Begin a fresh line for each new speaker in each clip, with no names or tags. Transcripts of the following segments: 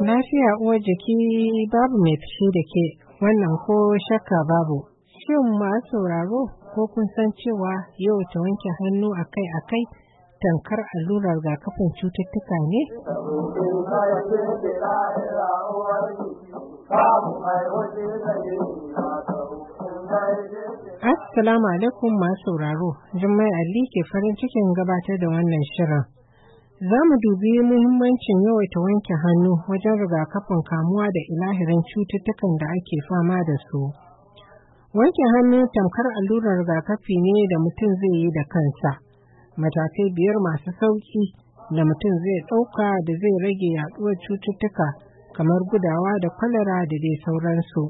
Lafiya uwar jiki babu mai fushi da ke wannan ko shakka babu. Shin masu sauraro ko kun san cewa yau ta wanke hannu akai-akai tankar allurar rigakafin cututtuka ne? Assalamu alaikum masu sauraro, Jummai Ali ke farin cikin gabatar da wannan shirin. Za mu dubi muhimmancin yawaita wanke hannu wajen rigakafin kamuwa da ilahirin cututtukan da ake fama da su. Wanke hannu tamkar allurar rigakafi ne da mutum zai yi da kansa. Matakai biyar masu sauki da mutum zai ɗauka da zai rage yaɗuwar cututtuka. kamar gudawa da kwalara da dai sauransu.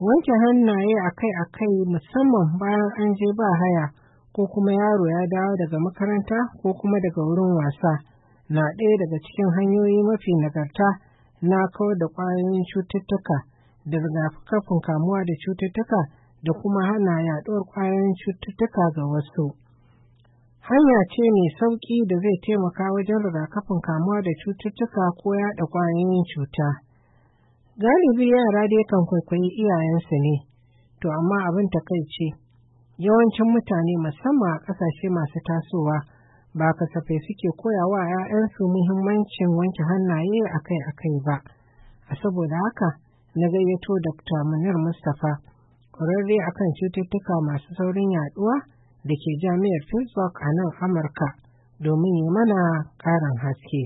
Wanke hannaye akai-akai musamman bayan an je ba haya ko kuma yaro ya dawo daga makaranta ko kuma daga wurin wasa na ɗaya daga cikin hanyoyi mafi nagarta na kawar da ƙwayoyin cututtuka da rigakafin kamuwa da cututtuka da kuma hana yaɗuwar ƙwayoyin cututtuka ga wasu. hanya ce mai sauƙi da zai taimaka wajen rigakafin kamuwa da cututtuka ko yaɗa ƙwayoyin cuta. Galibi yara dai kan kwaikwayi iyayensu ne, to amma abin takaice yawancin mutane musamman a ƙasashe masu tasowa ba kasafai suke koyawa ‘ya'yansu muhimmancin wanke hannaye akai-akai ba. A saboda haka, na gayyato Dr. Munir Mustapha, ƙwararre akan cututtuka masu saurin yaɗuwa. da ke jami'ar facebook a nan Amurka domin yi mana ƙarin haske.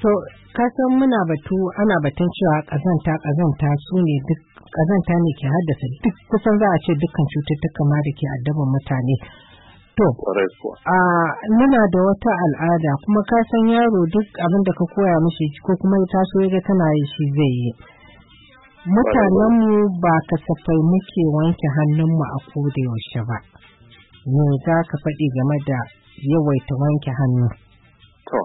So, kasan muna batu ana batun cewa ƙazanta kazanta su ne duk kazanta ne ke haddasa duk kusan za a ce dukkan cututtuka ma da ke addaban mutane To, a muna da wata al'ada kuma ka san yaro duk abin da ka koya mashi ko kuma ya taso ya tana yi shi zai yi. Mutanenmu ba kasafai muke wanke hannunmu a koda yaushe ba. Me za ka faɗi game da yawaita wanke hannu?
To,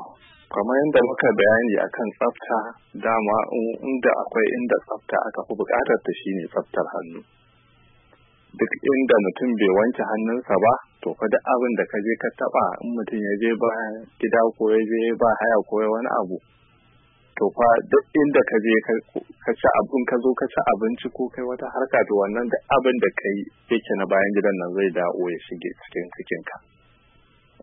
kamar yadda muka bayani akan tsafta dama inda akwai inda tsafta aka fi buƙatar ta shine tsaftar hannu. duk inda mutum bai wanke hannunsa ba to fa duk abin da ka je ka taba in mutum ya je ba gida ko ya je ba haya ko ya wani abu to fa duk inda ka je ka ci abin ka zo ka ci abinci ko kai wata harka to wannan da abin da kai yake na bayan gidan nan zai dawo ya shige cikin cikin ka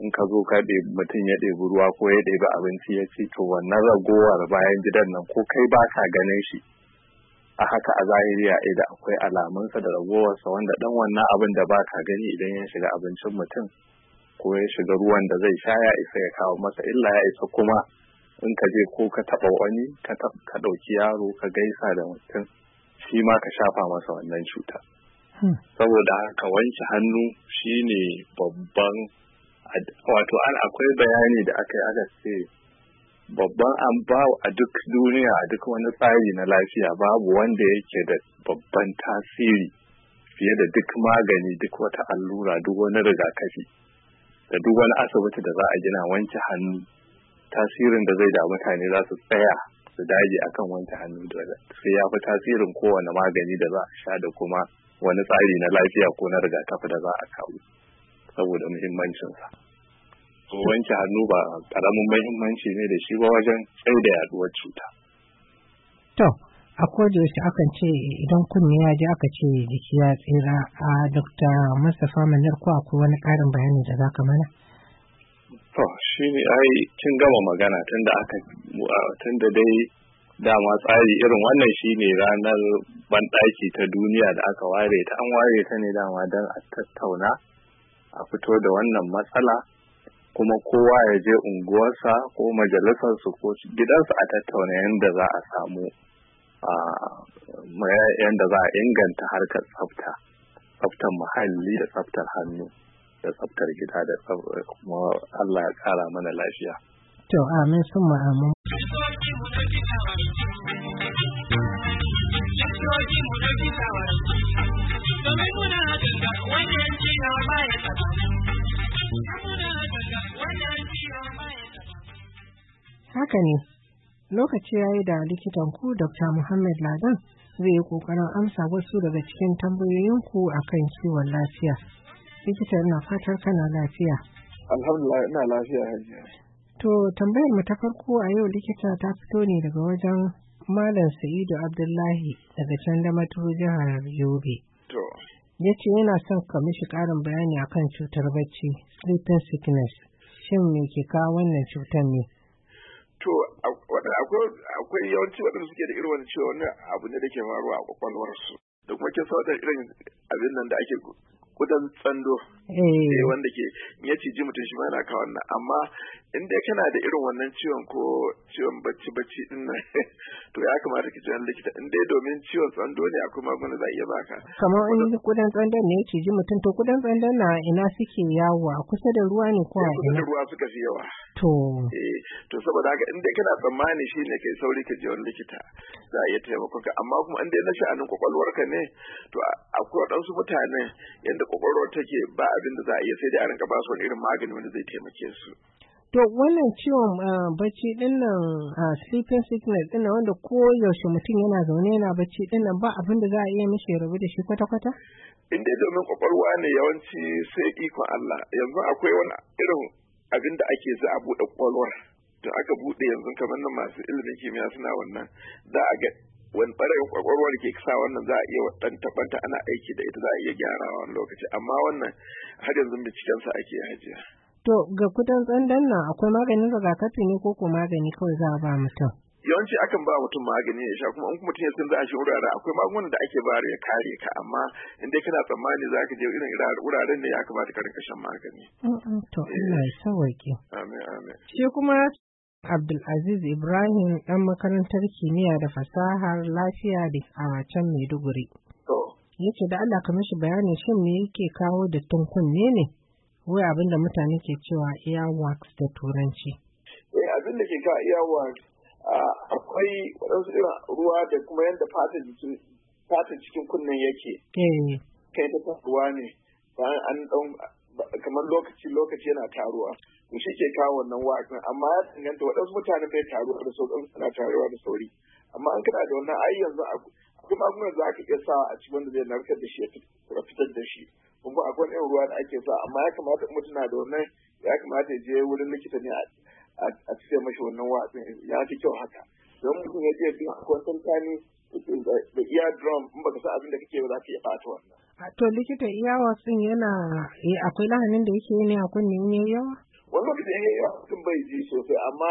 in ka zo ka ɗe mutum ya ɗebi ruwa ko ya ɗebi abinci ya ci to wannan ragowar bayan gidan nan ko kai ba ka ganin shi a haka a zahiri zahiriya ida akwai alamunsa da ragowarsa wanda dan wannan abin da ba ka gani idan ya shiga abincin mutum ko ya shiga ruwan da zai sha ya isa ya kawo masa illa ya isa kuma in ka je ko ka taɓa wani ka ɗauki yaro ka gaisa da mutum shi ma ka shafa masa wannan cuta hmm. saboda ka wanke hannu shine babban wato an akwai bayani da aka yi aka ce babban an ba a duk duniya a duk wani tsari na lafiya babu wanda yake da babban tasiri fiye da duk magani duk wata allura duk wani rigakafi da duk wani asibiti da za a gina wanke hannu tasirin da zai da mutane za su tsaya su dage akan wanke hannu da sai ya fi tasirin kowane magani da za a sha da kuma wani tsari na lafiya ko na rigakafi da za a kawo saboda muhimmancinsa. wanke hannu ba karamin mahimmanci ne da shi ba wajen tsaye da yaduwar cuta.
To, a wasu akan ce idan kunni ya ji aka ce jiki ya tsira a Dr. Mustapha Manar ko akwai wani ƙarin bayani da za ka mana?
To, shi ne ai kin gama magana tunda aka tunda dai dama tsari irin wannan shi ne ranar banɗaki ta duniya da aka ware ta an ware ta ne dama don a tattauna a fito da wannan matsala kuma kowa ya je unguwarsa ko majalisarsu ko gidansu a tattauna yadda za a samu yadda za a inganta harkar tsafta tsaftar muhalli da tsaftar hannu da tsaftar gida da kuma Allah ya kara mana lafiya.
To amin sun ma'amu. Domin muna hakan ga wani yanci na baya tsakanin. Haka ne, lokaci ya yi da likitan ku Dr. Muhammad Ladan zai yi ƙoƙarin amsa wasu daga cikin tambayoyinku a kan kiwon lafiya. Likita ina fatar kana lafiya.
Alhamdulillah ina lafiya hajiya.
To tambayar mu ta farko a yau likita ta fito ne daga wajen Malam Sa'idu Abdullahi daga can da jihar Yobe. To. Ya ce yana son ka mishi ƙarin bayani akan cutar bacci, sleeping sickness. Shin me ke kawo wannan cutar ne?
to akwai yawanci waɗanda suke da irin wani cewa wannan abu ne da ke faruwa a kwakwalwarsu da kuma kin da irin abin nan da ake kudan tsando eh. eh wanda ke ya ciji mutum shi ma yana ka wannan amma in dai kana da irin wannan ciwon ko ciwon bacci bacci din nan to ya kamata ki jiran likita in dai domin ciwon tsando ne akwai magunguna za a iya baka
kamar in kudan tsando ne ya ciji mutum to kudan tsando na ina suke yawo kusa da ruwa ne ko a ina ruwa suka fi yawa to
eh to saboda haka in dai kana tsammani shi ne kai sauri ka je wani likita za a iya taimakon ka amma kuma in dai na sha'anin kwakwalwarka ne to akwai waɗansu mutanen yanda da kwakwalwar take ba abin da za a iya sai da a rinka basu wani irin magani wanda zai taimake su
To wannan ciwon uh, bacci din nan uh, sleeping sickness din nan wanda ko yaushe mutum yana zaune yana bacci din nan ba abin da za a iya mishi rabu da shi kwata kwata?
In dai domin kwakwalwa ne yawanci sai ikon Allah yanzu akwai wani irin abin da ake za a buɗe kwakwalwar. To aka buɗe yanzu kamar nan masu ilimin kimiyya suna wannan za a ga wani ɓarayin ƙwaƙwarwa ke sa wannan za a iya ɗan tabbata ana aiki da ita za a iya gyarawa wani lokaci amma wannan har yanzu sa ake hajiya.
To ga kudan tsandan nan akwai maganin rigakafi ne ko ko magani kawai za a ba mutum?
Yawanci akan ba mutum magani ya sha kuma in mutum ya san za a shi wurare akwai magungunan da ake bayar ya kare ka amma in dai kana tsammani za ka je irin wuraren da ya kamata ka rinka shan magani.
To eh. Allah ya Amin amin. Shi kuma Abdulaziz Ibrahim ɗan makarantar kimiyya da fasahar lafiya da a wacan Maiduguri. Yake da Allah ka shi bayanin shin me yake kawo da kunne ne? Wai abin da mutane ke cewa earwax da turanci.
Wai eh, abin da ke kawo earwax akwai waɗansu irin ruwa da kuma yadda fatan cikin kunnen yake. Eh. Kai ta ruwa ne bayan an ɗan kamar lokaci lokaci yana taruwa. to shi ke kawo wannan wa'azin amma ya danganta waɗansu mutane bai taruwa da sauran suna taruwa da sauri amma an kana da wannan ai yanzu a kuma magungunan za ka iya sa a cikin wanda zai narkar da shi ya fitar da shi kuma akwai irin ruwa da ake sa amma ya kamata mutum na da wannan ya kamata ya je wurin likita ne a cikin mashi wannan wa'azin ya fi kyau haka don mutum ya je bin akwai tantani da iya drum in baka sa abin da kake ba za ka iya ɓata
wannan. to likita iya watsin yana eh, akwai lahanin da yake yi ne a kunne yawa?
wani lokaci eh mutum bai ji sosai amma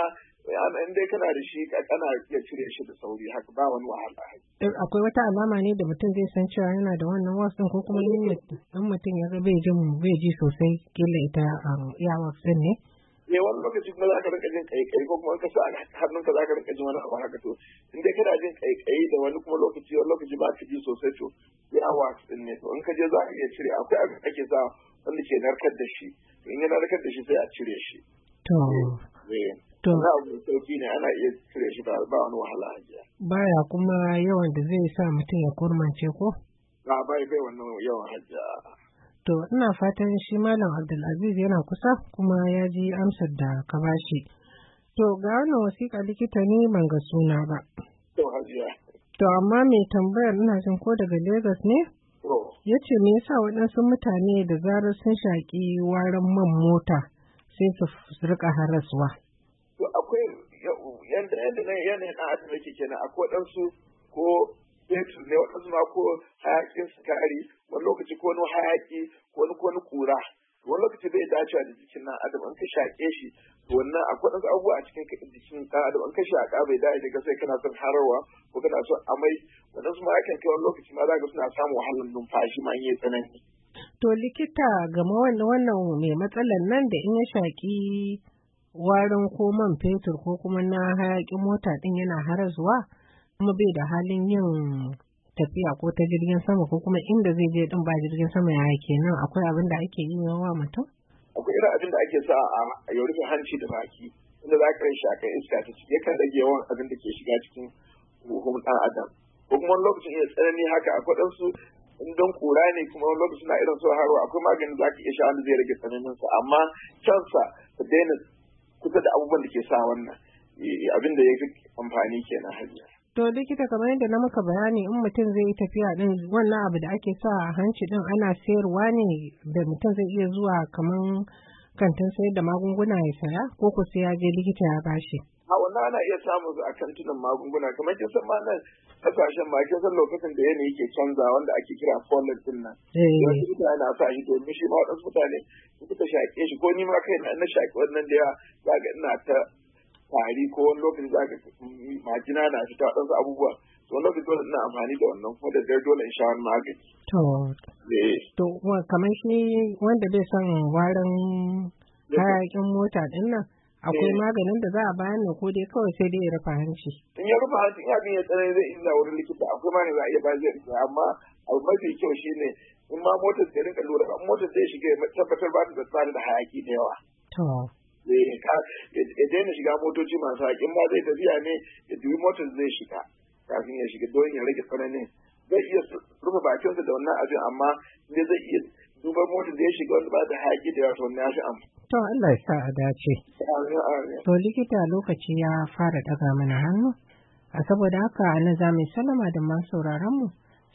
in dai kana da shi kana iya cire shi da sauri haka ba wani wahala
eh, akwai wata alama ne da mutum zai san cewa yana da wannan wasan ko kuma in eh. mutum ya bai jin bai ji sosai kila ita ya um, wasan ne
ne eh, wani lokaci kuma za ka rinka jin kaikai ko kuma ka sa hannun ka za ka rinka jin wani abu haka to in dai kana jin kaikai da wani kuma lokaci wani lokaci ba ka ji sosai to ya wasan ne to in ka je za ka iya cire akwai abin ake sa wanda ke narkar da shi in yana narkar da shi sai a cire shi to eh, eh. to za a sauki ne ana iya cire shi ba ba wani wahala jiya.
baya kuma yawan da zai sa mutum ya kurmance ko
ba bai bai wannan yawan hajiya
to ina fatan shi malam abdulaziz yana kusa kuma ya ji amsar da ka bashi to ga wannan wasiƙa likita ne ban ga suna ba to hajiya to amma mai tambayar ina jin ko daga Legas ne ya ce me yasa waɗansu mutane da zarar sun shaƙi warin man mota sai su rika haraswa.
To akwai yadda yadda yanayin na adam ke kenan akwai waɗansu ko fetur ne waɗansu ma ko hayaƙin sukari wani lokaci ko wani hayaƙi ko wani kura wani lokaci bai dacewa da jikin na adam an ka shaƙe shi wannan akwai ɗansu abubuwa a cikin jikin ɗan adam an kashe a ƙabai da ita sai kana son harawa ko kana son amai wannan su ma'aikan kai wani lokaci ma za ka suna samun wahalar numfashi ma yi tsanani.
To likita game wannan wannan mai matsalar nan da in ya shaƙi warin ko man fetur ko kuma na hayaƙin mota ɗin yana harazuwa kuma bai da halin yin tafiya ko ta jirgin sama ko kuma inda zai je ɗin ba jirgin sama ya kenan akwai abin da ake yi wa mutum?
akwai irin abin da ake sa a ya rufe hanci da baki inda za kai shi akan iska ta ciki yakan rage yawan abin da ke shiga cikin huhun ɗan adam ko kuma wani lokacin iya tsanani haka akwai ɗansu in don kura ne kuma wani lokacin na irin sauran haro akwai maganin da aka iya sha wanda zai rage tsananin sa amma sa ta daina kusa da abubuwan da ke sa wannan eh, abin da ya fi amfani kenan hanyar.
To likita kamar yadda na maka bayani in mutum zai yi tafiya din wannan abu da ake sa a hanci din ana sayarwa ne da mutum zai iya zuwa kamar kantin sayar da magunguna ya saya ko ku sai ya je likita ya bashi.
A wannan ana iya samu su a kantinan magunguna kamar kin san ma nan kasashen ma kin san lokacin da yanayi ke canza wanda ake kira pollen din nan. Eh. Wasu mutane na sa shi domin shi ma waɗansu mutane suka shaƙe shi ko ni ma kai na shaƙi wannan da yawa ga ina ta tari ko wani lokaci za ka majina na fita waɗansu abubuwa to wani lokaci dole ina amfani da wannan kuma da dare dole in sha wani magani. To, eh.
to kamar shi wanda bai son warin hayakin mota ɗin nan akwai eh. maganin da za a bayani ko dai kawai sai dai ya rufe hanci.
In ya rufe hanci ya abin ya tsanani zai illa wurin likita akwai maganin za a iya ba zai rufe amma abu mafi kyau shi ne. in ma motar ta rinka lura ba motar zai shiga ya tabbatar ba ta da hayaki da yawa. To. ya daina shiga motoci masu haƙin ma zai tafiya ne da dubi motar zai shiga kafin ya shiga don ya rage tsananin zai iya rufe bakinsa da wannan abin amma ne zai iya duban motar da ya shiga wanda ba da haƙi da yawa wannan ya amma.
To Allah ya sa a dace. To likita lokaci ya fara daga mana hannu. A saboda haka a za salama da masu sauraron mu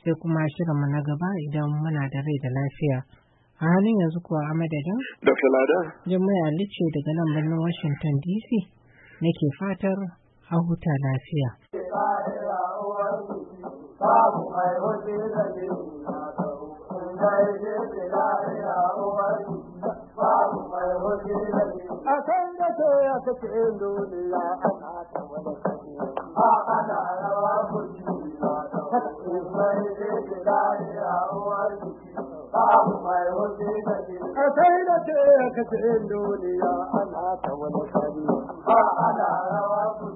sai kuma shirinmu na gaba idan muna da rai da lafiya. A halin yanzu kuwa a madadin?
Dr. Lada.
Jummai Ali daga nan birnin Washington DC nake fatar a huta lafiya. Akan da to ya kace duniya ana wani
kace.
kasaina ce ka ce
ana ta wani kari ba ana
rawa ku